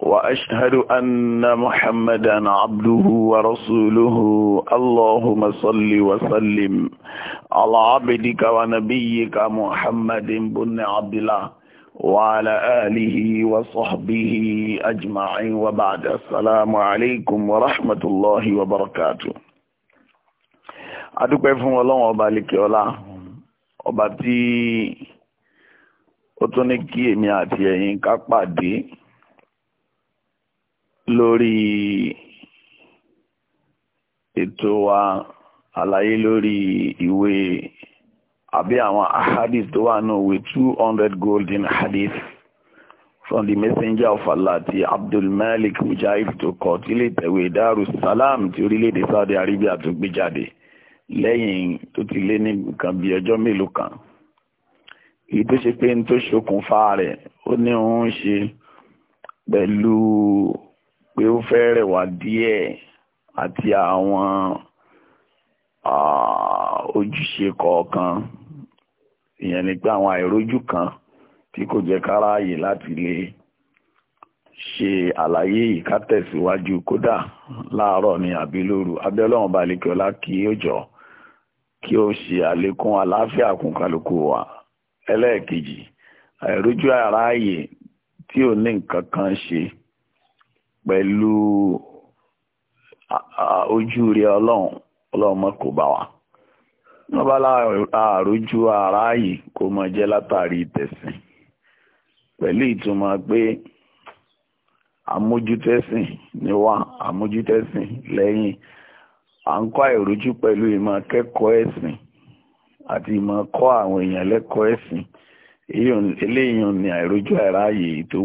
وأشهد أن محمدا عبده ورسوله اللهم صل وسلم على عبدك ونبيك محمد بن عبد الله وعلى آله وصحبه أجمعين وبعد السلام عليكم ورحمة الله وبركاته adúpẹ́ fún الله ọba lèkè ọlá ọba tí ó tún lórí ètò wa àlàyé lórí ìwé àbí àwọn ahadith tó wà náà with two hundred golden hadith from the messenger of Allah ti Abdul Malik Mujahid tó kọ tí ilé ìtẹ̀wé Darussalam ti orílẹ̀-èdè Saudi Arabia tó gbé jáde lẹ́yìn tó ti lé ní nǹkan bí ọjọ́ mélòó kan èyí tó ṣe pé ń tó ṣokùnfà rẹ̀ ó ní òun ṣe pẹ̀lú pé ó fẹ́ rẹ̀ wá díẹ̀ àti àwọn ojúṣe kọ̀ọ̀kan ìyẹn ni pé àwọn àìrójú kan tí kò jẹ́ káráàyè láti lè ṣe àlàyé yìí ká tẹ̀síwájú kódà láàárọ̀ ní àbílòrù abẹ́lọ́run balẹ̀kọ́lá kí ó jọ kí ó ṣe àlékún àlàáfíà kún kálukú wa ẹlẹ́ẹ̀kejì àìrójú àráàyè tí ò ní nǹkan kan ṣe pẹ̀lú ojú rẹ ọlọ́run ọlọ́run kò bá wa wọ́n bá láàrójú ara kó mọ jẹ́ látàrí ìtẹ̀sìn pẹ̀lú ìtumọ̀ pé àmójútẹ́sìn ni wá àmójútẹ́sìn lẹ́yìn à ń kọ́ àìrójú pẹ̀lú ìmọ̀ ẹ̀sìn àti ìmọ̀ kọ́ àwọn èèyàn lẹ́kọ̀ọ́ ẹ̀sìn eléyìí ni àìrójú tó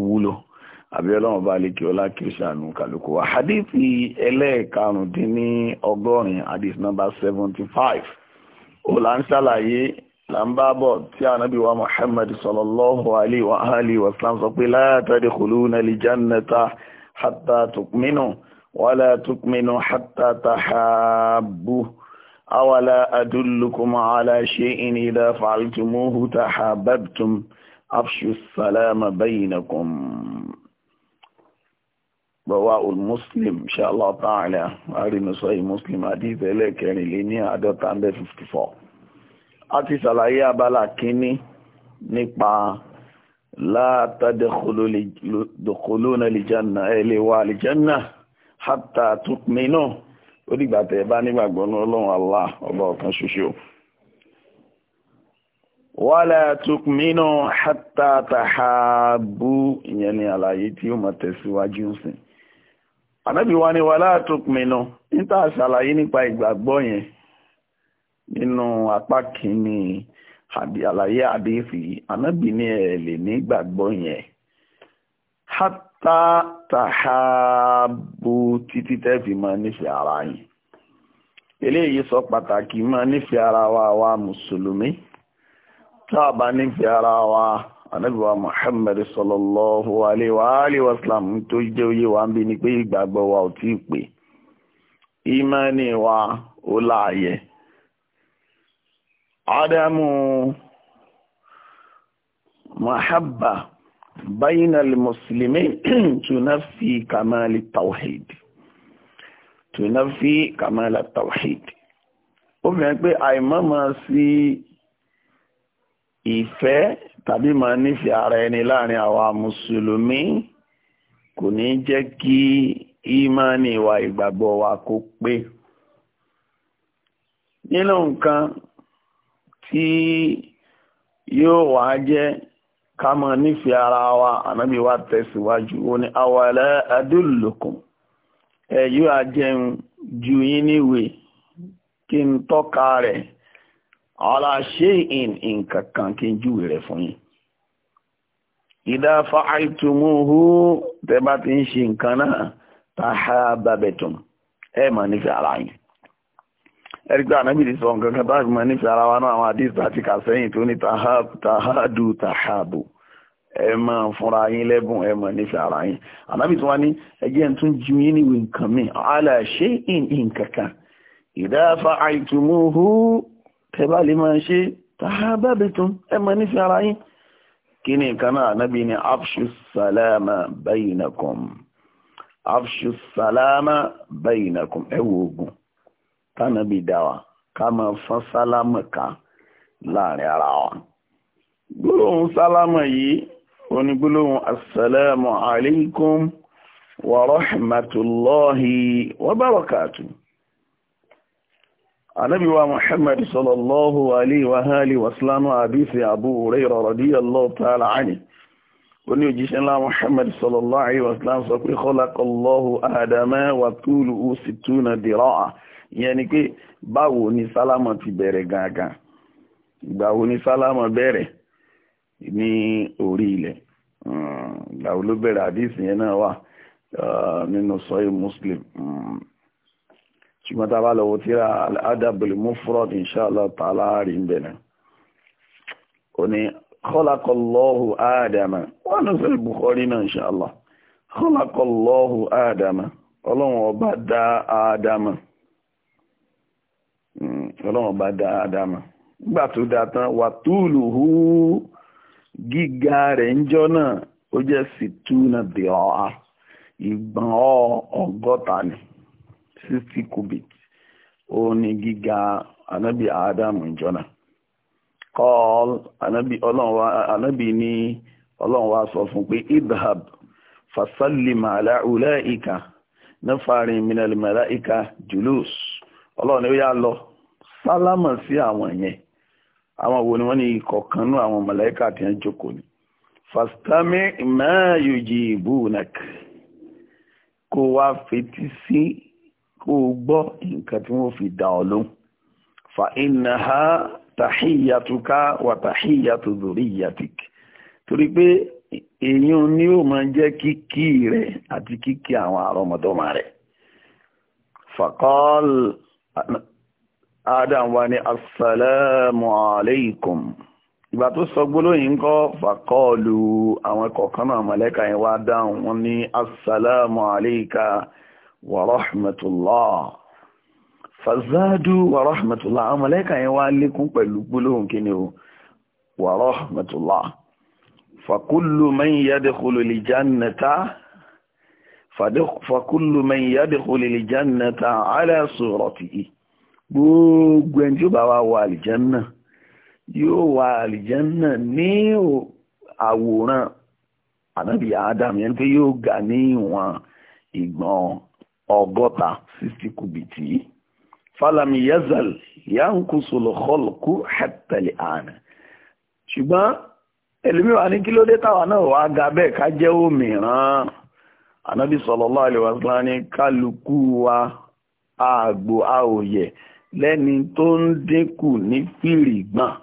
abiola ọba aleke ọlá kìrìsìánù kàlùkù wa hadithi ẹlẹ́ẹ̀karùndínní ọgọ́rin hadith number seventy five ó là ń ṣàlàyé là ń bá bọ̀ tí anabi wa muhammad sallallahu alayhi wa alihi wa sallam sọ pé la tadkhuluna aljannata hatta tukminu wala tukminu hatta tahabbu awala adullukum ala shay'in idha fa'altumuhu tahabbtum afshu salama bainakum bọ̀wá ul muslim ṣàlọ́ tààlà àrínúsọ muslim àdìsẹ́ ẹlẹ́kẹrin lé ní àádọ́ta ń bẹ́ 54 a ti ṣàlàyé abala kínní nípa látàdẹ̀kọlónà lìjánà ẹlẹ́wà lìjánà hátà tukmínú ó dìgbà tẹ̀ bá nígbàgbọ́ ní ọlọ́run Allah ọba ọ̀kan ṣoṣo wàlá tukmínú hátà tàhábù ìyẹn ni àlàyé tí ó mọ̀ tẹ̀síwájú sìn ànábì wa ni wà látòpinnu níta ṣàlàyé nípa ìgbàgbọ́ yẹn nínú apá kìíní àlàyé àdéhìí ànábì ní ẹ̀ lè ní ìgbàgbọ́ yẹn hátà tàhábù títí tẹ́ fi máa nífẹ̀ẹ́ ara yìí eléyìí sọ pàtàkì máa nífẹ̀ẹ́ ara wa wa mùsùlùmí tá a bá nífẹ̀ẹ́ ara wa anábìwá Muhammad sallallahu alaihi wa alihi wasallam tó jẹ́ oyé wa ń bí ni pé ìgbàgbọ́ wa ò tí ì pé ìmánì wa ó láàyè ádámù mahabba bayna al-muslimin tunafi kamali tawhid tunafi kamali tawhid ó fi hàn pé àìmọ́ máa sí ìfẹ́ tàbí ma nífẹ̀ẹ́ ara ẹni láàrin àwa mùsùlùmí kò ní jẹ́ kí ìmánì wa ìgbàgbọ́ wa kó pé nínú nǹkan tí yóò wá jẹ́ ká ma nífẹ̀ẹ́ ara wa ànábì wa tẹ̀síwájú ó ní awàlẹ́ adúlùkùn ẹ̀yọ́ ajẹun ju yín níwèé kí n tọ́ka rẹ̀ ala shay'in nǹkan kan kí n júwe rẹ̀ fún yín ìdá fa'aitumuhu tẹ́ bá ti ń ṣe nǹkan náà tahababetum ẹ máa nífẹ̀ẹ́ ara yín ẹ̀rígbà anábì ti sọ nǹkan kan táàbí máa nífẹ̀ẹ́ ara wa náà àwọn àdìs àti kàsẹ́yìn tó ní tahadu tahabu ẹ máa fúnra yín lẹ́bùn ẹ máa nífẹ̀ẹ́ ara yín anábì tí wọ́n ní ẹjẹ́ tún ju yín níwèé nǹkan mi ala shay'in nǹkan kan ìdá fa'aitumuhu tẹ́bá lè máa ṣe tàbábẹ̀tún ẹmọ nífẹ́ ara yín kí ni nǹkan náà nábi ni afṣùsàlámà báyìnàkùn afṣùsàlámà báyìnàkùn ẹwọ ogun tánàbí dáwà ká máa fọ́n sálámà ká láàrin ara wa gbólóhùn sálámà yìí oní gbólóhùn assalamu alaikum wa rahmatullahi wa barakatuh anábíwá muhammad sallallahu alaihi wa alihi wa sallam àdísì abu hurairah radiyallahu ta'ala anhu ó ní òjíṣẹ́ ńlá muhammad sallallahu alaihi wa sallam sọ pé khalaqallahu adama wa tuluhu situna dira'a ìyẹn ni pé báwo ni sálámà ti bẹ̀rẹ̀ gangan ìgbà wo ni sálámà bẹ̀rẹ̀ ní orí ilẹ̀ hmm, ìgbà ló bẹ̀rẹ̀ àdísì yẹn náà wà uh, nínú sọ́yìn muslim. Hmm ṣùgbọ́n tá a bá lọ wo tíra adabul mufrad inshallah ta'ala rí ń bẹ̀rẹ̀ ó ní khalaqallahu ádámà wọ́n ní sọ Bukhari náà inshallah khalaqallahu ádámà ọlọ́run ọba dá ádámà hmm, ọlọ́run ọba dá ádámà nígbà tó dá tán wà túlùú gíga rẹ̀ ń jọ náà ó jẹ́ situna dìọ́à ìgbọ̀n ọgọ́ta ni sixty cubit ó ní gíga anábì adam ìjọ́nà kọ́ọ̀l anábì ní ọlọ́run wá sọ fún pé idhab fasalima ala ulaika nafarin minal malaika julus ọlọ́run ni ó yá lọ sálámà sí àwọn yẹn àwọn wo ni wọ́n ní ìkọ̀kanú àwọn màláíkà tí wọ́n jókòó ni fastami ma yujibunak kó wá fetí sí kó o gbọ́ nǹkan tí wọ́n fi dá ọ lóhùn fa innaha tahiyyatuka wa tahiyyatu dhurriyyatik torí pé èèyàn ni ó máa jẹ́ kíkí rẹ̀ àti kíkí àwọn àrọ́mọdọ́mọ rẹ̀ faqal adam wa ni assalamu alaikum ìgbà tó sọ gbólóyìn ń kọ́ faqalu àwọn kọ̀ọ̀kan náà mọ̀lẹ́ka yẹn wá dáhùn wọn ní assalamu alaika warahmatullah fazadu warahmatullah àwọn mọ̀lẹ́kà yẹn wá lékún pẹ̀lú gbólóhùn kí ni o warahmatullah fakullu man yadkhulu li jannata fakullu man yadkhulu li jannata ala suratihi gbogbo ẹni tí ó bá wá wọ àlìjánná yóò wọ àlìjánná ní àwòrán ànábì Ádámù yẹn pé yóò ga ní ìwọ̀n ìgbọ̀n ọgọ́ta sixty kubiti falami yazal yankusolo kọlùkù hẹtẹlẹ àná ṣùgbọ́n ana, ní kí ló dé táwa náà wàá ga bẹ́ẹ̀ ká jẹ́ òmíràn anabi sallallahu alaihi wasallam kálukú wa àgbò àòyẹ lẹ́ni tó ń dínkù ní fìrìgbọ̀n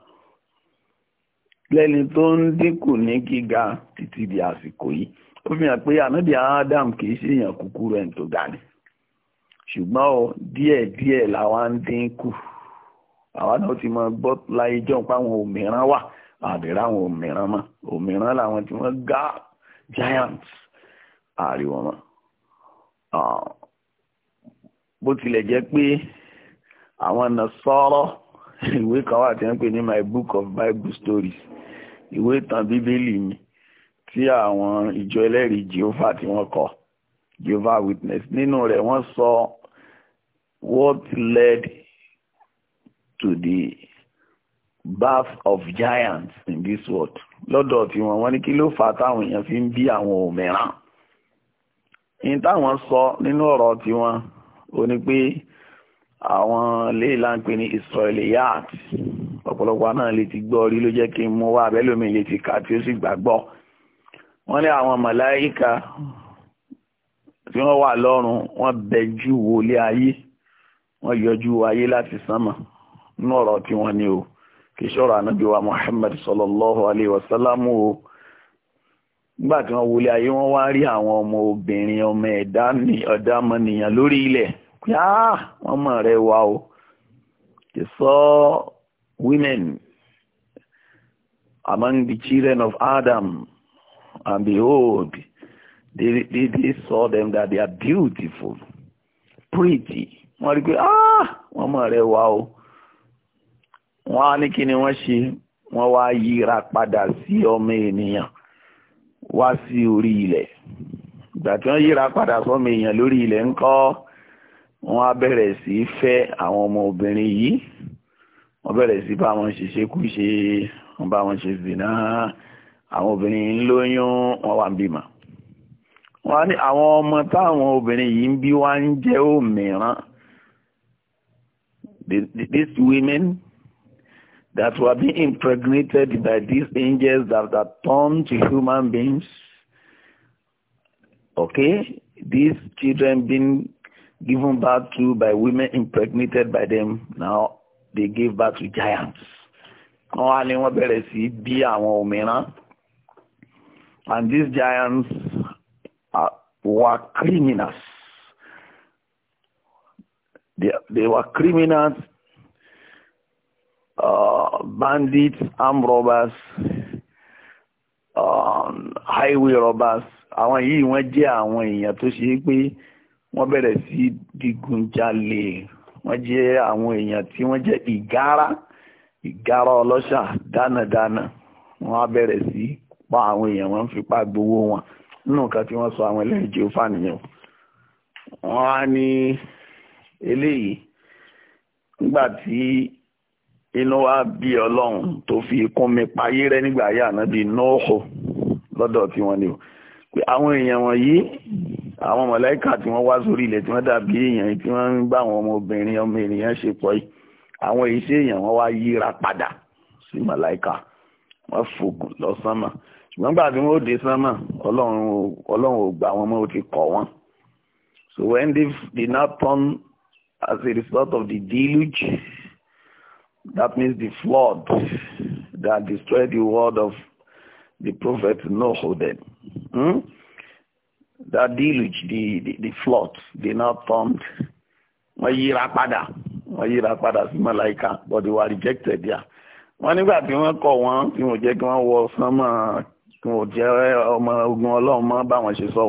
lẹ́ni tó ń dínkù ní gíga títí di àsìkò yìí ó fi hàn pé ànábì adam kì í ṣèyàn kúkúrú ẹni tó ga ni ṣùgbọ́n ọ díẹ̀ díẹ̀ làwa ń dín kù àwa náà ti mọ gbọ́ láyé jọ páwọn òmíràn wà àdìrà àwọn òmíràn mọ́ òmíràn làwọn tí wọ́n ga giants àríwọ̀ mọ́ bó tilẹ̀ jẹ́ pé àwọn Nasara ìwé kan wà tí wọ́n pè ní my book of bible stories ìwé ìtàn bíbélì mi tí àwọn ìjọ ẹlẹ́rìí Jehovah tí wọ́n kọ Jehovah witness nínú rẹ̀ wọ́n sọ what led to the birth of giants in this world lọ́dọ̀ tí wọ́n wọ́n ní kí ló fà táwọn èèyàn fi ń bí àwọn òmíràn ní táwọn sọ nínú ọ̀rọ̀ tí wọ́n ò ní pé àwọn léèlà ń pè ní Israeliyat ọ̀pọ̀lọpọ̀ náà lè ti gbọ́ rí ló jẹ́ kí n mú wá abẹ́lómi lè ti kà tí ó sì gbàgbọ́ wọ́n ní àwọn màláíkà tí wọ́n wà lọ́run wọ́n bẹjú wọlé ayé wọ́n yọjú ayé láti sánmà nínú ọ̀rọ̀ tí wọ́n ní o kì í ṣọ̀rọ̀ ànábì wa Muhammad sallallahu alayhi wa sallam o nígbà wọ́n wọlé ayé wọ́n wá rí àwọn ọmọ obìnrin ọmọ ẹ̀dá ọ̀dàmọ̀nìyàn lórí ilẹ̀ pé áà ah, wọ́n mọ̀ rẹ wa o kì sọ women among the children of Adam and behold they, they, they saw them that they are beautiful pretty wọ́n rí pé ah, wọ́n mọ̀ rẹ̀ wá o wọ́n á ní kí ni wọ́n ṣe wọ́n wá yíra padà sí ọmọ ènìyàn wá sí orí ilẹ̀ ìgbà tí wọ́n yíra padà sọ́mọ èèyàn lórí ilẹ̀ ńkọ́ wọ́n á bẹ̀rẹ̀ sí í fẹ́ àwọn ọmọbìnrin yìí wọ́n bẹ̀rẹ̀ sí bá wọn ṣiṣẹ́ kú ṣe wọ́n bá wọn ṣe zìnà àwọn obìnrin ń lóyún wọ́n wá ń bímọ wọ́n á ní àwọn ọmọ táwọn obìnrin yìí ń bí wá ń jẹ́ òmíràn these women that were being impregnated by these angels that are turned to human beings. Okay? These children being given birth to by women impregnated by them, now they gave birth to giants. bí And these giants are, were criminals. They, they were criminals, uh, bandits, armed robbers, um, highway robbers. Àwọn yìí wọ́n jẹ́ àwọn èèyàn tó ṣe pé wọ́n bẹ̀rẹ̀ sí digunjalè. Wọ́n jẹ́ àwọn èèyàn tí wọ́n jẹ́ ìgárá, ìgárá ọlọ́ṣà dánadáná. Wọ́n á bẹ̀rẹ̀ sí pa àwọn èèyàn wọ́n fipá gbowó wọn. Nínú nǹkan tí wọ́n sọ àwọn ẹlẹ́yìn jẹ́ òfà nìyẹn. Wọ́n á ní eléyìí nígbà tí inú wa bí ọlọ́run tó fi ikún mi payé rẹ nígbà ayé ànábì nóòhò lọ́dọ̀ tí wọ́n ní o pé àwọn èèyàn wọ̀nyí àwọn mọ̀láìkà tí wọ́n wá sórí ilẹ̀ tí wọ́n dàbí èèyàn tí wọ́n ń bá àwọn ọmọbìnrin ọmọ ènìyàn ṣe pọ̀ yìí àwọn èyí sí èèyàn wọ́n wá yíra padà sí mọ̀láìkà wọ́n fògùn lọ sánmà ṣùgbọ́n gbà tí wọ́n dé sánmà ọlọ́run ò gbà wọ́n mọ́ ó ti kọ̀ wọ́n so when they did not turn as a result of the deluge, that means the flood that destroyed the world of the prophet Noah then. Hmm? That deluge, the, the, the flood, they now turned wọ́n yíra padà wọ́n yíra padà sí but they were rejected there. wọ́n nígbà tí wọ́n kọ̀ wọ́n tí wọ́n jẹ́ kí wọ́n wọ sánmà tí wọ́n jẹ́ ọmọ ogun ọlọ́run mọ́ báwọn ṣe sọ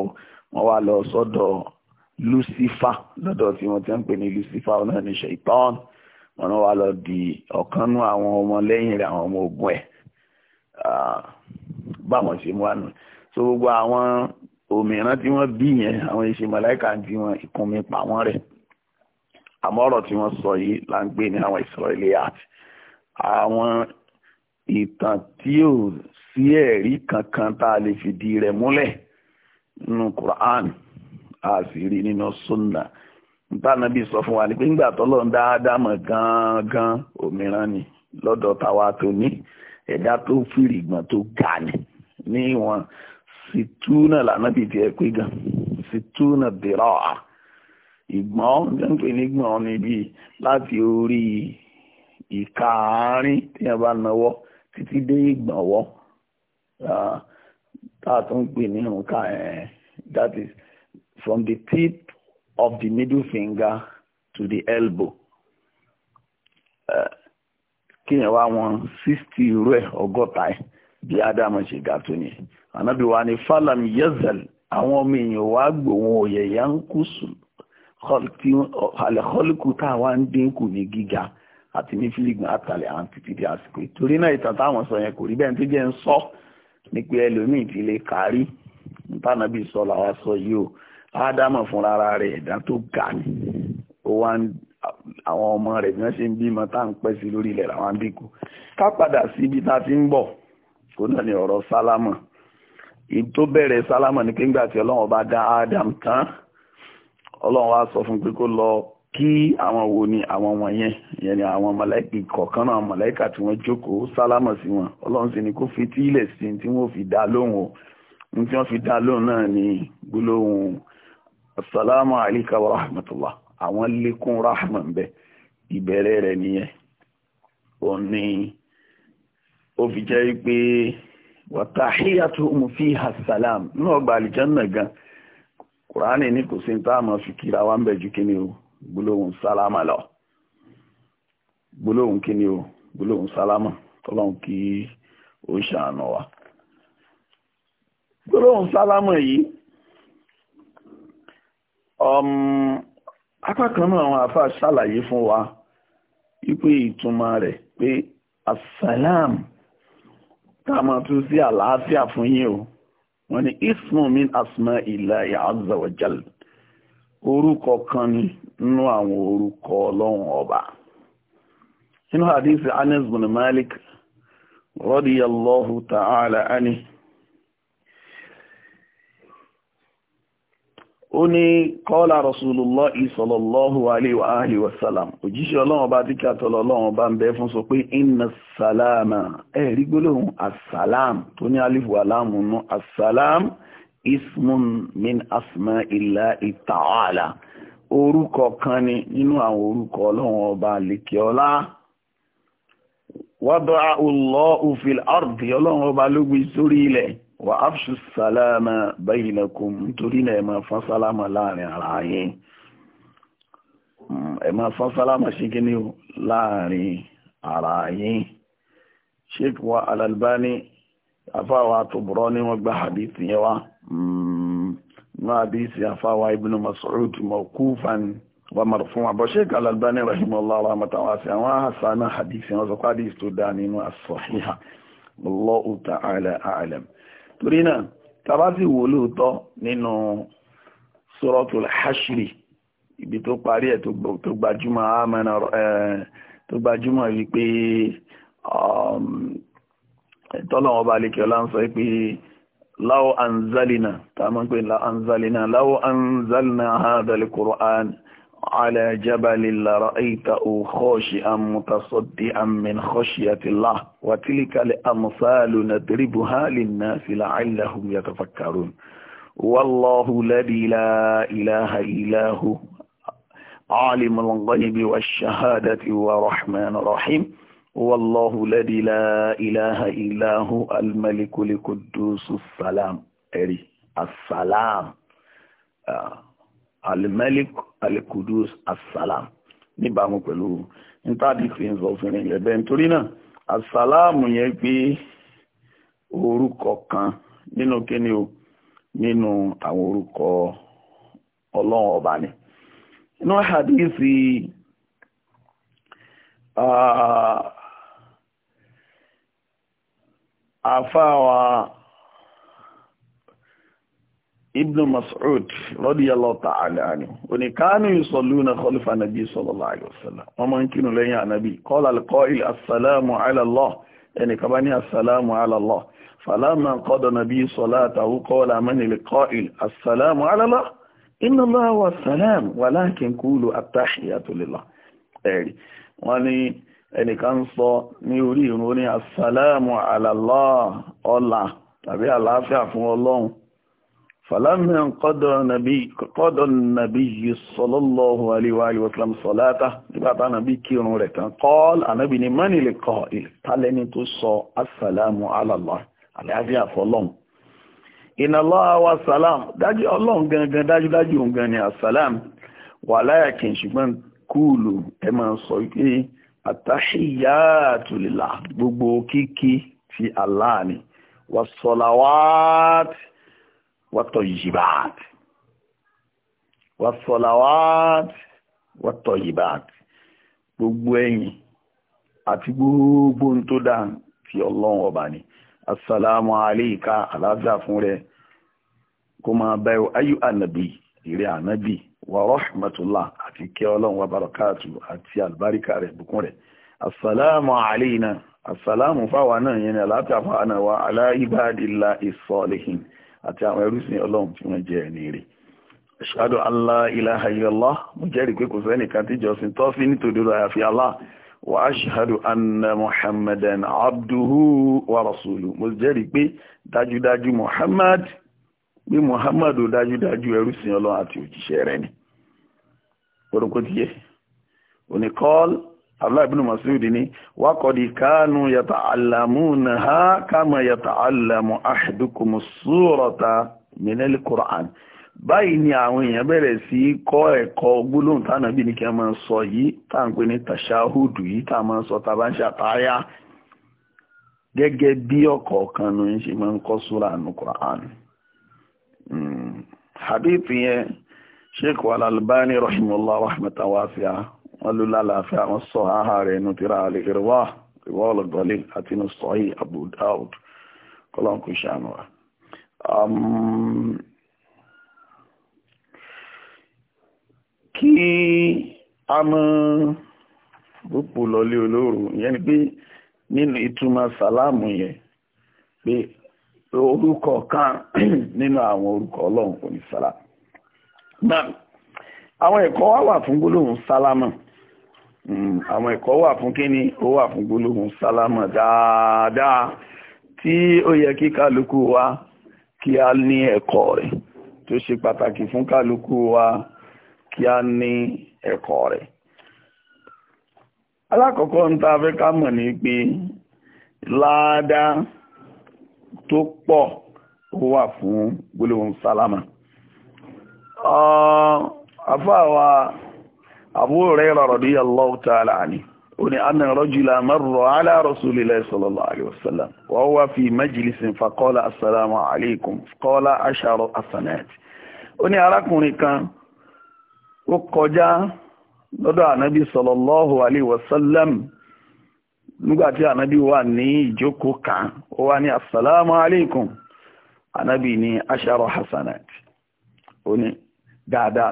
wọ́n wá lọ sọ́dọ̀ Lucifa, lọ́dọ̀ tí wọ́n ti ń pè ní lucifer ọ̀nà ní ṣèitán wọn wá lọ di ọ̀kan nú àwọn ọmọ lẹ́yìn rẹ̀ àwọn ọmọ ogun ẹ̀ báwọn ṣe mú àná so gbogbo àwọn òmìrán tí wọ́n bí yẹn àwọn ìṣe mọ̀láìkà tí wọ́n ìkúnmi pa wọ́n rẹ̀ àmọ́ tí wọ́n sọ yìí là ń pè ní àwọn ìsọ̀rọ̀lẹ̀ àti àwọn ìtàn tí ò sí ẹ̀rí kankan tá a lè fìdí rẹ̀ múlẹ̀ nínú Quran àṣírí nínú súnà nítaná bí sọ fún wa ni pé nígbà tọ́lọ́ ń dá ádámù gangan òmíràn ni lọ́dọ̀ táwa tó ní ẹ̀dá tó fìrìgbọ̀n tó ga ni ní ìwọ̀n situna lànà bíi tiẹ̀ pé gan situna dìrọ̀ à ìgbọ́n gbẹ́ngbẹ́ nígbọ́n níbi láti orí ìka àárín tí a bá nawọ́ títí dé ìgbọ̀nwọ́ ah, tá a tún pè ní nǹkan ẹ̀ eh, that is from the tip of the middle finger to the elbow. Eh, kíyàn wá wọn sixty irú ẹ̀ ọgọ́ta ẹ̀ bí ádámù ṣe ga tó ni ànábì wa ni falam yezel àwọn ọmọ èèyàn wá gbòòwò òyẹ̀yà ń kú sùn àlẹ́kọ́lùkù tá a wá ń dínkù ní gíga àti ní fílígùn àtàlẹ̀ àwọn títí di àsìkò ìtorí náà ìtàn táwọn sọ yẹn kò rí bẹ́ẹ̀ tó jẹ́ ń sọ ní pé ẹlòmíì ti lè kárí nípa sọ làwọn sọ yìí o ádámà fúnra ara rẹ̀ ẹ̀dá tó ga ni ó wá àwọn ọmọ rẹ̀ bí wọ́n ṣe ń bímọ tá ń pẹ́ sí lórí ilẹ̀ làwọn ń ká padà sí ibi tá ti ń bọ̀ kó náà ni ọ̀rọ̀ sálámà èyí tó bẹ̀rẹ̀ sálámà ni pé ńgbà tí ọlọ́run bá dá ádám tán ọlọ́run wá sọ fún pé kó lọ kí àwọn wo ni àwọn wọ̀nyẹn ìyẹn ni àwọn mọ̀lẹ́kì kọ̀ọ̀kan náà mọ̀lẹ́kà tí wọ́n jókòó sálámà sí wọn ọlọ́run sì ni kó fi tílẹ̀ sí tí wọ́n fi dá lóhùn o ohun tí wọ́n fi dá lóhùn náà ni gbólóhùn asalaamu alayka wa rahmatulah àwọn lékún rahma ń bẹ ìbẹ̀rẹ̀ rẹ̀ nìyẹn ó ní ó fi jẹ́ pé wàtàhíyàtò mú fi hasalam náà gba àlìjánà gan kùránì ní kò sí tá a máa wa ń ju kí o gbólóhùn sálámà lọ gbólóhùn kí ni o gbólóhùn sálámà tọ́lọ́hùn kí ó ṣàánú wa gbólóhùn sálámà yìí Um, apá kan náà àwọn àfáà ṣàlàyé fún wa wípé ìtumọ̀ rẹ̀ pé asalaam tá a máa tún sí àlàáfíà fún yín o wọ́n ní ismu min asma ìlà azza wa jal orúkọ kan ni nínú àwọn orúkọ ọlọ́run ọba nínú hadith anas bin malik radiyallahu ta'ala anhu ó ní kọ́lá rọ̀sùlùmọ́ ìsọ̀lọ̀lọ́hù aléwàáhì wasalam òjíṣẹ́ ọlọ́run ọba tí kàtọ́ ọlọ́run ọba ń bẹ fún sọ pé iná sàlámà ẹ̀rí gbólóhùn asàlám tó ní alifu aláàmù nú asàlám ismun min asma ilá ìtàwàlà orúkọ kan ni nínú àwọn orúkọ ọlọ́run ọba lèkìọ́lá wàdọ́ àwòlọ́ òfin àrùtì ọlọ́run ọba ló sórí ilẹ̀ wà áfṣù sàlámà bainakum nítorí náà ẹ máa fọ́n sálámà láàrin ara yín ẹ máa fọ́n sálámà ṣe kí ni láàrin ara yín sheik wa alalbani afáwa àtòbùrọ́ ni wọ́n gba hadith yẹn wá hmm, náà hadith afáwa ibn Mas'ud mawqufan wa marfun abo sheik alalbani rahimahullah rahmatan wasi àwọn hasana hadith yẹn sọ pé hadith tó dáa nínú as-sahiha ta'ala a'lam torí náà tàbá sì wò lóòótọ́ nínú suratul hashri ibi tó parí ẹ̀ tó gbajúmọ̀ àmàna tó gbajúmọ̀ wípé tọ́lọ̀wọ́ bá lè kí ọlá ń sọ pé láwọ́ anzalina tàbí pé láwọ́ anzalina láwọ́ anzalina على جبل لرأيته خاشئا متصدئا من خشية الله وتلك الأمثال ندربها للناس لعلهم يتفكرون والله الذي لا إله إلا هو عالم الغيب والشهادة ورحمن رحيم والله الذي لا إله إلا هو الملك القدوس السلام أري السلام آه alimẹ́lík alikudus asalam níbàámu pẹ̀lú nítàdí fi ń sọ fún ilẹ̀ bẹ́ẹ̀ nítorí náà asalamu yẹn pé orúkọ kan nínú kíni o nínú àwọn orúkọ ọlọ́run ọba ni inú hadithi àfáà wa ibnu mas'ud radiyallahu ta'ala anhu oni kanu yusalluna khalfa nabi sallallahu alaihi wasallam wọ́n máa ń kinu lẹ́yìn anabi qala alqa'il assalamu ala allah ẹni kaba ni assalamu ala allah falamma qada nabi salatahu qala man alqa'il assalamu ala allah inna allah wa salam walakin qulu attahiyatu lillah ẹ̀rí wọ́n ní ẹni kan sọ ní orí ìrun oni assalamu ala allah ọlá tàbí àlàáfíà fún ọlọ́run فلما انقضى النبي قضى النبي صلى الله عليه واله وسلم صلاته بعد النبي كيرون رك قال انا بني من القائل تلني تصو السلام على الله العافيه فلون ان الله والسلام داجي الله غنغن داجي داجي غنغن السلام ولكن شبان كولو اما سو التحيات لله gbogbo kíkí ti Allah ni والطيبات والصلوات والطيبات gbogbo ẹ̀yìn àti gbogbo ń tó dáa fi ọlọ́run ọba ni assalamu alayka aláàzà fún rẹ kó máa báyọ̀ ayú ànàbì ìrẹ́ ànàbì wa rahmatullah àti kẹ́ ọlọ́run wa barakatu àti albarika rẹ̀ bùkún rẹ̀ assalamu alayna assalamu fáwa náà yẹn ni aláàtà fáwa náà àti àwọn ẹrúsìn ọlọ́run tí wọ́n jẹ́ ẹni rẹ̀ ashhadu an la ilaha illallah mo jẹ́rìí pé kò sẹ́nìkan tí jọ́sìn tọ́ sí nítòdúró àyàfi Allah wa ashhadu anna muhammadan abduhu wa rasuluhu mo jẹ́rìí pé dájúdájú muhammad pé muhammad ò dájúdájú ẹrúsìn ọlọ́run àti òjíṣẹ́ rẹ̀ ni orúkọ abdullahi ibn masud ni wa kọ̀dí kánú yàtà àlàmú na ha kama yàtà àlàmú ahadukum surata minel quran báyìí ni àwọn èèyàn bẹ̀rẹ̀ sí kọ́ ẹ̀kọ́ gbólóhùn tánàbí ní kí a máa sọ yìí tá à ń pè ní tàṣáhùdù yìí tá a máa sọ tàbá ń ṣàtáyà gẹ́gẹ́ bí ọ̀kọ̀ọ̀kan ló ń ṣe máa ń kọ́ súra nù Qur'an hmm. hadith yẹn sheikh al-Albani rahimahullah rahmatan wasi'a wọ́n ló lálàáfíà sọ áhà rẹ̀ inú tíra àlèkèrèwà ìwọ́ ọ̀lọ̀gọ́lé àti inú Abu Daud kọ́lọ́nkù ṣàánú kí a mọ́ púpọ̀ lọlé olóòrò ìyẹn ni pé nínú ìtumọ̀ sàlámù yẹn pé orúkọ kan nínú àwọn orúkọ ọlọ́run kò ní sàlámù. àwọn ẹ̀kọ́ wà Mm, àwọn ẹ̀kọ́ wà fún kíni ó wà fún gbólóhùn sálámà dáadáa tí ó yẹ kí kálukú wa kí a ní ẹ̀kọ́ rẹ̀ tó ṣe pàtàkì fún kálukú wa kí a ní ẹ̀kọ́ rẹ̀ alákọ̀ọ́kọ́ ń ta fẹ́ ká mọ̀ ní pé láádá tó pọ̀ ó wà fún gbólóhùn sálámà àfáà wa Abu Hurairah radiyallahu ta'ala anhu ó ní anna rajula marra ala rasulillahi sallallahu alayhi wa sallam wa huwa fi majlisin faqala assalamu alaykum qala ashara hasanat ó ní arákùnrin kan ó kọjá lọ́dọ̀ ànábì sallallahu alayhi wa sallam nígbàtí ànábì wà ní ìjókòó kan ó wá ní assalamu alaykum ànábì ní ashara hasanat ó ní dáadáa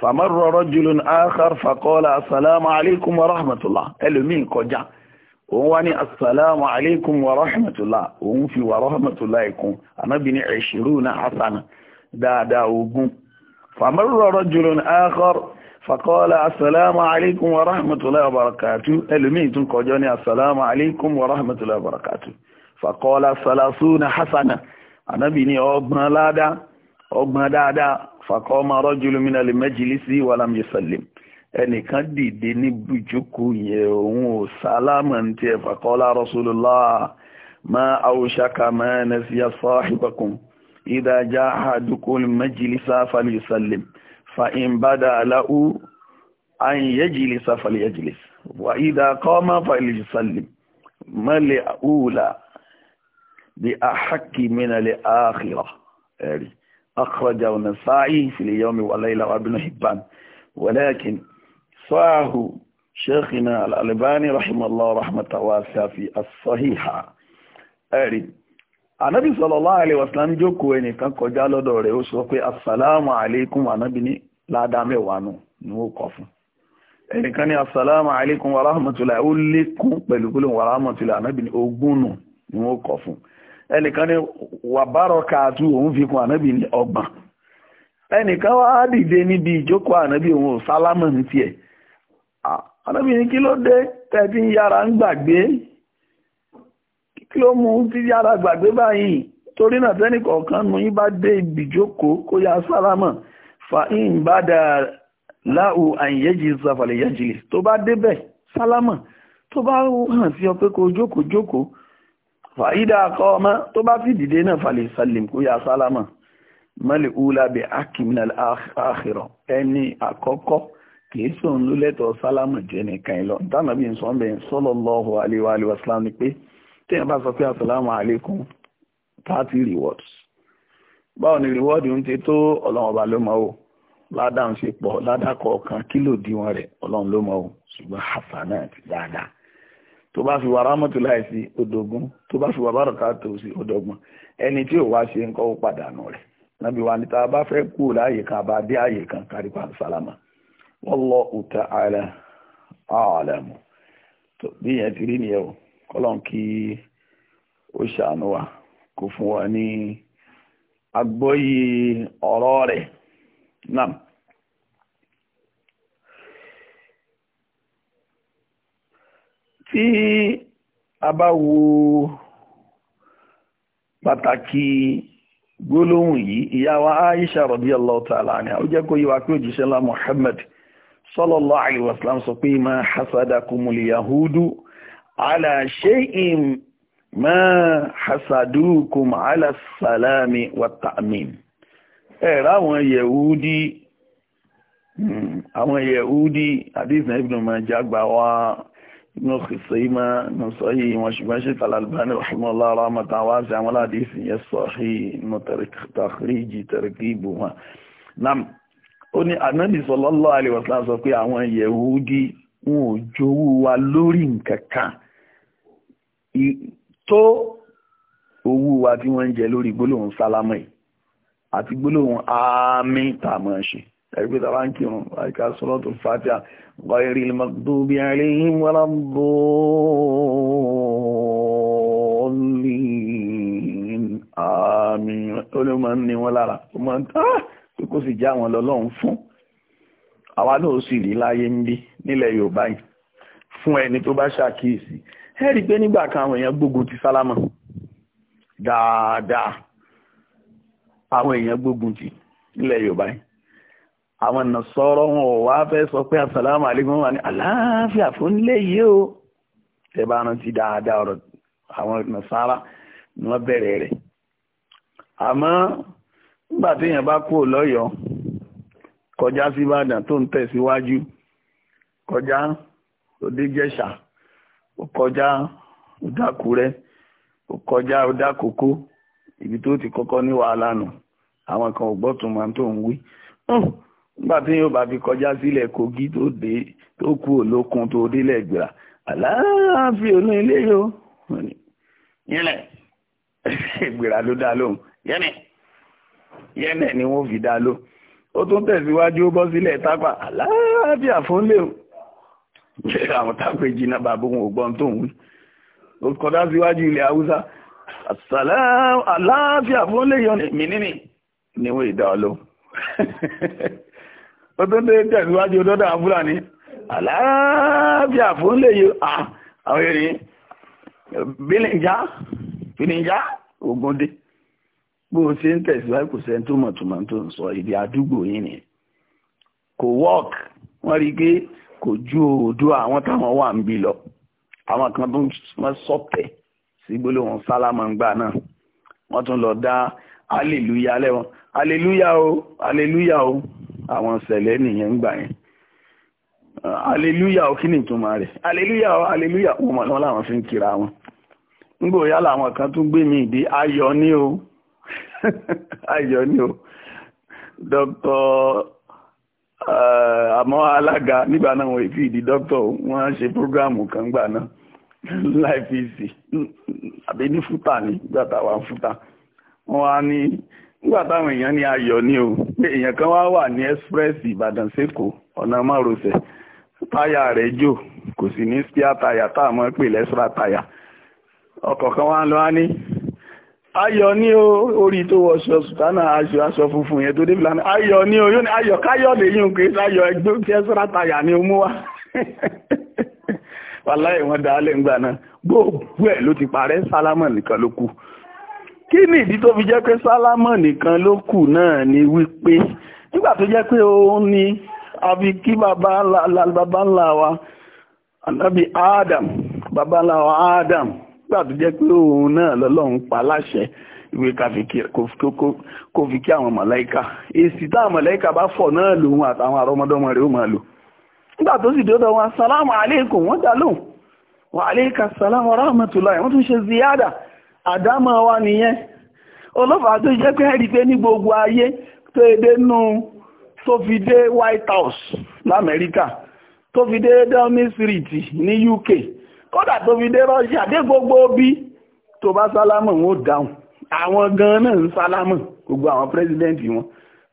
fàmọ́rọ̀ rọ́jùlùn áhàr fàkọ́lá asàlámù alaikum wa rahmatullah ẹlòmí kọjá òun wá ní asàlámù alaikum wa rahmatullah òun fi wa rahmatullah ikun anábì ní ishiruna hasana dáadáa ogun fàmọ́rọ̀ rọ́jùlùn áhàr fàkọ́lá asàlámù alaikum wa rahmatullah wa barakatu ẹlòmí tún kọjá ní asàlámù alaikum wa rahmatullah wa barakatu fàkọ́lá salasuna hasana anábì ní ọgbọ̀n fàkọ́ọ́mà rọ́jùlù mí náà lè mẹ́jìlísì wàlám yẹsẹ̀lẹ̀ ẹnìkan dìde níbi ìjókòó yẹn òun ò sálámà ní tiẹ̀ fàkọ́ọ́lá rọ́ṣúlùlá máa àwòṣàkà máa nẹ́síyà sọ́ọ́hìbàkùn ìdájà àdúkùn mẹ́jìlísà fàlùyẹsẹ̀lẹ̀ fàìn bàdà aláwù àyìn yẹjìlísà fàlùyẹjìlís wà ìdá kọ́ọ́mà fàlùyẹsẹ̀lẹ̀ mẹ́lẹ̀ àwùlà bí àhàkì mí náà lè áàkìrà ẹ̀rí. أخرجه النسائي في اليوم والليلة وابن حبان ولكن صاه شيخنا الألباني رحمه الله رحمة واسعة في الصحيحة أري anabi sallallahu alaihi wasallam jókòó ẹnìkan kọjá lọ́dọ̀ rẹ̀ ó sọ pé assalamu alaikum anabi ní ládàá mẹ́wàá nù ní ó kọ fún ẹnìkan ní assalamu alaikum wa rahmatullahi ó lékún pẹ̀lú gbólóhùn wa rahmatullahi anabi ní ogún nù ní ó kọ fún ẹnìkan ní wàbárọ̀ kààtú òun fi kun ànábì ní ọgbọ̀n ẹnìkan wá dìde níbi ìjókòó ànábì òun ò sálámù ní tiẹ̀ ànábì ní kí ló dé tẹ́tí yara yára ń gbàgbé kí ló mú ti yára gbàgbé báyìí torí náà ìjókòó kó yá sálámù fa in bá da láhù àyẹ̀jì sàfàlẹ̀ tó bá débẹ̀ sálámù tó bá hàn sí ọ pé fàídà akọ́ ọmọ tó bá fi dìde náà falẹ̀ salim kó yá sálámà mọ́lẹ̀ ula bẹ akimina àkìrọ̀ ẹni àkọ́kọ́ kìí sóun ló lẹ́tọ̀ọ́ sálámà jẹ́ nìkan lọ dáná bí n sọ ń bẹ sallallahu alaihi wa alihi wasallam ni pé tí ẹ bá sọ pé assalamu alaikum thirty rewards báwo ni reward ń tó bá fi wà rámọ́tòláì sí odògún tó bá fi wà bárọ̀ká tó sí ẹni tí ò wá ṣe ń kọ́ ó pàdánù rẹ̀ nàbí wa níta bá fẹ́ kú láàyè kan bá dé àyè kan sálámà bí yẹn ti rí nìyẹn o kọ́lọ́n kí ó ṣàánú wa fún wa ní agbóyè ọ̀rọ̀ rẹ̀ náà. tí a bá wo pàtàkì gbólóhùn yìí ìyá wa Aisha radiyallahu ta'ala anha ó jẹ́ kó yíwa pé òjíṣẹ́ ńlá Muhammad sallallahu alaihi wasallam sọ pé ma hasadakumul yahudu ala shay'in ma hasadukum ala salami wa ta'min ẹ̀rọ àwọn yẹ̀húdí hmm, àwọn yẹ̀húdí àdìsàn ibn Majah gbà inú Khuzaimah inú sọ́yí wọn ṣùgbọ́n ṣe Al-Albani rahimahullah rahmatan wá sí àwọn aládìsí yẹn sọ́hí inú tàkìríjì tàkìrí ìbò wọn nam ó ní anábì sallallahu alaihi wasallam sọ pé àwọn Yẹhudi wọn ò jowú wa lórí nǹkan tó owó wa tí wọ́n ń jẹ lórí gbólóhùn sálámọ̀ àti gbólóhùn àmì tààmù ṣe ẹgbẹ́ tàbá ń kírun àìká sọ́lọ́tù fàtíà gọ́ìrì magdubi alayhim wala dọ́ọ̀lìn àmì olóòmọ̀ ní wọn lára ó máa ń tá ah, pé kó sì já wọn lọ́lọ́run fún àwa náà sì rí láyé ń bí nílẹ̀ yorùbá yìí fún ẹni tó bá ṣàkíyèsí ẹ rí i pé nígbà kan àwọn èèyàn gbógun ti sálámà dáadáa àwọn èèyàn gbógun ti nílẹ̀ yorùbá yìí àwọn nàṣọ́rọ̀ wọn ò wá fẹ́ sọ pé àsàlámù àlékún wà ní àlàáfíà fún ilé yìí o tẹ́bá rántí dáadáa ọ̀rọ̀ àwọn nàṣàrà ni wọ́n bẹ̀rẹ̀ rẹ̀ àmọ́ nígbà téèyàn bá kúrò lọ́yọ̀ọ́ kọjá sí ìbàdàn tó ń tẹ̀síwájú kọjá òdíjẹ̀ṣà kọjá òdàkúrẹ́ kọjá òdàkókó ibi tó ti kọ́kọ́ ní wàhálà nù àwọn kan ò gbọ́ tó máa tó ń wí nígbà tí yóò bá fi kọjá sílẹ̀ kogi tó dé tó kú olókun tó délẹ̀ gbìrà àlàáfíà olóyin ilé yóò yẹnẹ gbìrà ló dá lóhùn yẹnẹ yẹnẹ ni wọ́n fi dá lóhùn ó tún tẹ̀síwájú ó bọ́ sílẹ̀ tápà àlàáfíà fún lè o ṣe àwọn tápèjì náà bàbá òun ò gbọ́n tó ń ó kọjá síwájú ilẹ̀ haúsá àlàáfíà fún lè yọ mí nínì ni wọ́n ìdá ọlọ́hùn ó tó lé tẹ̀síwájú lọ́dọ̀ àwọn fúlàní àlàáfíà fún lè yí àwọn èrè bílìnjá bílìnjá ògúndé bó o ṣe ń tẹ̀síwájú kò sẹ́ni tó mọ̀túnmọ̀ tó ń sọ èdè àdúgbò yìí ni kò wọ́ọ̀k wọ́n rí i pé kò ju òdo àwọn táwọn wà ń bí lọ àwọn kan tó wọ́n sọ̀tẹ̀ sí gbólóhùn sálámọ̀ngbà náà wọ́n tún lọ dá hallelujah lẹ́wọ̀n hallelujah o hallelujah o àwọn sẹ̀lẹ̀ nìyẹn ń gbà yẹn uh, aleluya ó kí ni ìtumọ̀ rẹ̀ aleluya ó aleluya ó mọ̀ náà làwọn fi ń kira wọn ńgbò yálà àwọn kan tún gbé mi ìdí ayọ̀ ni o ayọ̀ ni o dr uh, àmọ́ alága nígbà náà wọ́n fi ìdí dr wọ́n ṣe prógráàmù kan gbà náà life easy àbí ní fúta ní gbàtà wà fúta wọ́n wá ní. nígbà táwọn èèyàn ní ayọ̀ ni o pé èèyàn kan wá wà ní express ìbàdàn sẹ́kọ̀ọ́ ọ̀nà márosẹ̀ táyà rẹ̀ jò kò sì ní spia táyà tá a mọ̀ pé lẹ́sra táyà kan wá ń lọ á ní ayọ̀ ni o orí tó wọṣọ sùtánà aṣọ aṣọ funfun yẹn tó ni o yóò ní ayọ̀ káyọ̀ ayọ̀ ẹgbẹ́ ni o mú wa wọn dá lẹ́ngbà náà kí ni ìdí tó fi jẹ́ pé sálámọ̀ nìkan ló kù náà ni wípé nígbà tó jẹ́ pé ó ní àfi kí bàbá ńlá wa ànábì Adam bàbá ńlá wa Adam nígbà tó jẹ́ pé òun náà lọ́lọ́run pa láṣẹ ìwé kò fi kí àwọn mọ̀láìka èsì táwọn mọ̀láìka bá fọ̀ náà lòun àtàwọn àrọ́mọdọ́mọ rẹ̀ ó máa lò nígbà tó sì dọ́dọ̀ wọn assalamu alaikum wọ́n dá lóhùn wa alaika assalamu wa rahmatullahi tún ṣe ziyada àdámọ̀ wa nìyẹn olófàá tó jẹ́ pé ẹ̀rí pé ní gbogbo ayé tó èdè nú tó fi dé White House l'Amẹ́ríkà tó fi dé Downing Street ní UK kódà tó fi dé Russia dé gbogbo bí tó bá sálámù wọn ò dáhùn àwọn gan náà ń sálámù gbogbo àwọn pírẹsidẹ́ǹtì wọn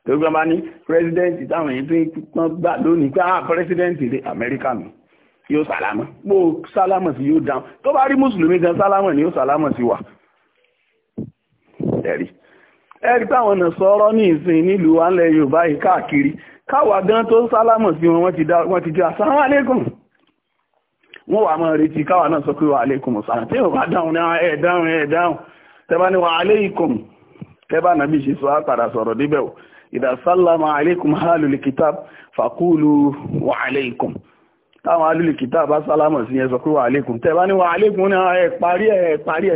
tó gbọ́n bá ní pírẹsidẹ́ǹtì táwọn èyí tó ń pọ́n gbà lónìí pé ah pírẹsidẹ́ǹtì ilẹ̀ Amẹ́ríkà nù yóò sálámù gbogbo sálámù sí yóò dáhùn tó bá rí mùsùlùmí gan sálámù ni yóò sálámù sí wa ẹ̀rí ẹ̀rí táwọn ọ̀nà sọ̀rọ̀ ní ìsìn nílùú yorùbá yìí káàkiri gan tó sálámọ̀ wọn wọ́n ti dá assalamu alaikum wà máa retí náà sọ pé wa alaikum ọ̀sán tí wọ́n bá dáhùn náà ẹ̀ dáhùn ẹ̀ dáhùn tẹ́bá ní wa alaikum tẹ́bá nàbí ṣe sọ àpàdà sọ̀rọ̀ níbẹ̀ o idha sallama alaikum halul wa táwọn alul kitab bá sálámọ̀ sí yẹn sọ wa alaikum tẹ́bá wa náà ẹ̀ parí ẹ̀ parí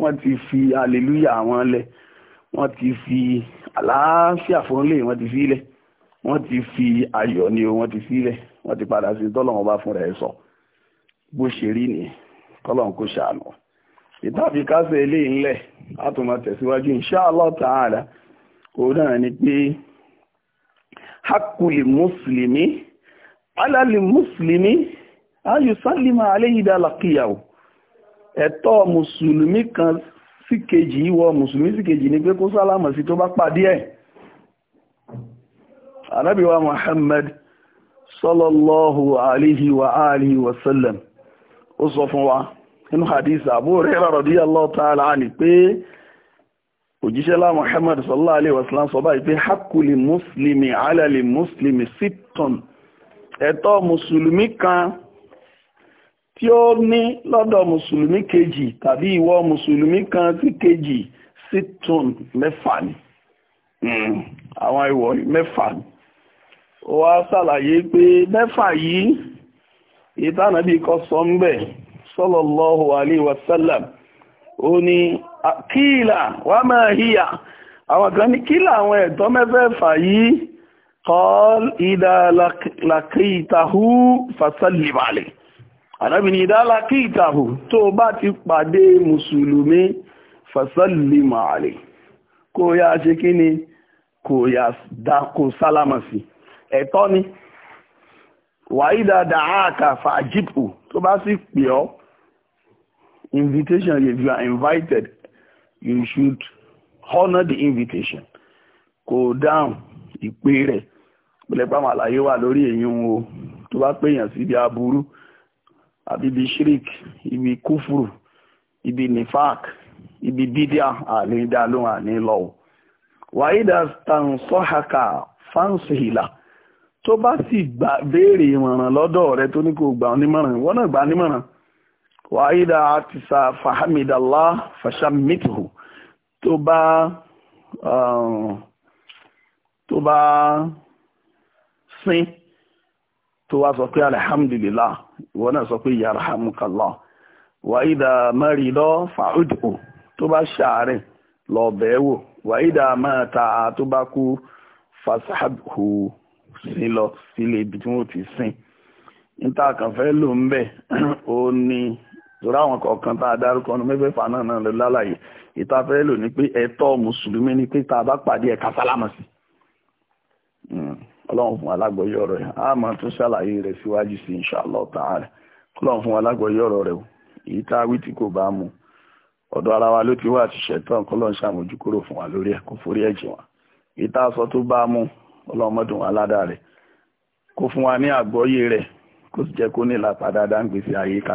wọ́n ti fi aleluya wọn lẹ̀ wọ́n ti fi àlàáfíà fún lè wọ́n ti fi lẹ̀ wọ́n ti fi ayọ̀ ni o wọ́n ti fi lẹ̀ wọ́n ti padà sí tọ́lọ́wọ́n bá fúnra ẹ̀ sọ bó ṣe rí nìyẹn kọ́lọ́n kó ṣàánú ìtàfi kásẹ̀ ilé ńlẹ̀ látùmọ̀ tẹ̀síwájú insha Allah òun náà ni pé hakuli mùsùlùmí alali mùsùlùmí ayùsálìmọ̀ aléyìdá làkìyàwó ẹ̀tọ́ mùsùlùmí kan sí kejì ìwọ mùsùlùmí sí kejì ni pé kó sálámà sí tó bá pàdé ẹ̀ anábíwá Muhammad sallallahu alaihi wa alihi wa sallam ó sọ fún wa nínú hadith Abu Hurairah radiyallahu ta'ala anhu pé òjíṣẹ́ lá Muhammad sallallahu alaihi wa sallam sọ báyìí pé tí ó ní lọ́dọ̀ mùsùlùmí kejì tàbí ìwọ mùsùlùmí kan sí kejì sítún mẹ́fà ni hmm, àwọn ìwọ̀ mẹ́fà ni ó wá ṣàlàyé pé mẹ́fà yìí ìtànà bí kò sọ ń bẹ̀ sallallahu alaihi wasallam ó ní kíìlà wà máa híyà àwọn kan ní kíìlà àwọn ẹ̀tọ́ mẹ́fẹ̀ẹ̀fà yìí qal idha laqitahu fasallim àdábìnrin ìdálá kí ìtàhù tó bá ti pàdé mùsùlùmí fàṣọ́lì màálè kó yá ṣe kí ni kò yá dákò sálámà sí ẹ̀tọ́ ni wàídà dàáàkà fàájìpù tó bá sì pè ọ́ invitation if you are invited you should honor the invitation kò dáhùn ìpè rẹ̀ pẹ̀lẹ́pàmọ́ àlàyé wà lórí èyí ń wo tó bá pèèyàn síbi aburú. Si àbí ibi shirk ibi kufuru, ibi nifak ibi bidia bídíà àní dálóhùn àní lọ́wọ́ wàhídà tansọ́haka fánsìhìlà tó bá sì gbà béèrè ìmọ̀ràn lọ́dọ̀ rẹ tó ní kò gbà onímọ̀ràn ìwọ náà gbà onímọ̀ràn wàhídà àtìsà fahamidàlá fàṣàmìtìhù tó bá um, tó bá sín tó wá sọ pé alhamdulillah ìwọ náà sọ pé yarhamukallah wa idha marida fa'udhu tó bá ṣàárẹ̀ lọ bẹ̀ẹ́ wò wa idha mata tó bá kú fasahabhu sí lọ sílé ibi tí wọ́n ti sìn níta kan fẹ́ lò ń bẹ̀ ó ní torí àwọn kọ̀ọ̀kan tá a dárúkọ ní mẹ́fẹ̀ẹ́fà náà náà lọ lálàyé ìta fẹ́ lò ní pé ẹ̀tọ́ mùsùlùmí ni pé tá a bá pàdé ẹ̀ka sálámà ọlọ́run fún alágbọ̀yọ́ ọ̀rọ̀ rẹ̀ a máa tún sàlàyé rẹ̀ síwájú sí inshallah ta'ala ọlọ́run fún alágbọ̀yọ́ rẹ̀ èyí tá a wí tí kò bá mu ọ̀dọ̀ ara wa ló ti wá ti ṣẹ̀tàn ṣàmójú kúrò lórí ẹ̀ wa èyí tá a sọ tó bá ọlọ́run mọ́dún rẹ̀ kò fún wa ní àgbọ́yé rẹ̀ kó sì jẹ́ kó ní gbèsè ayé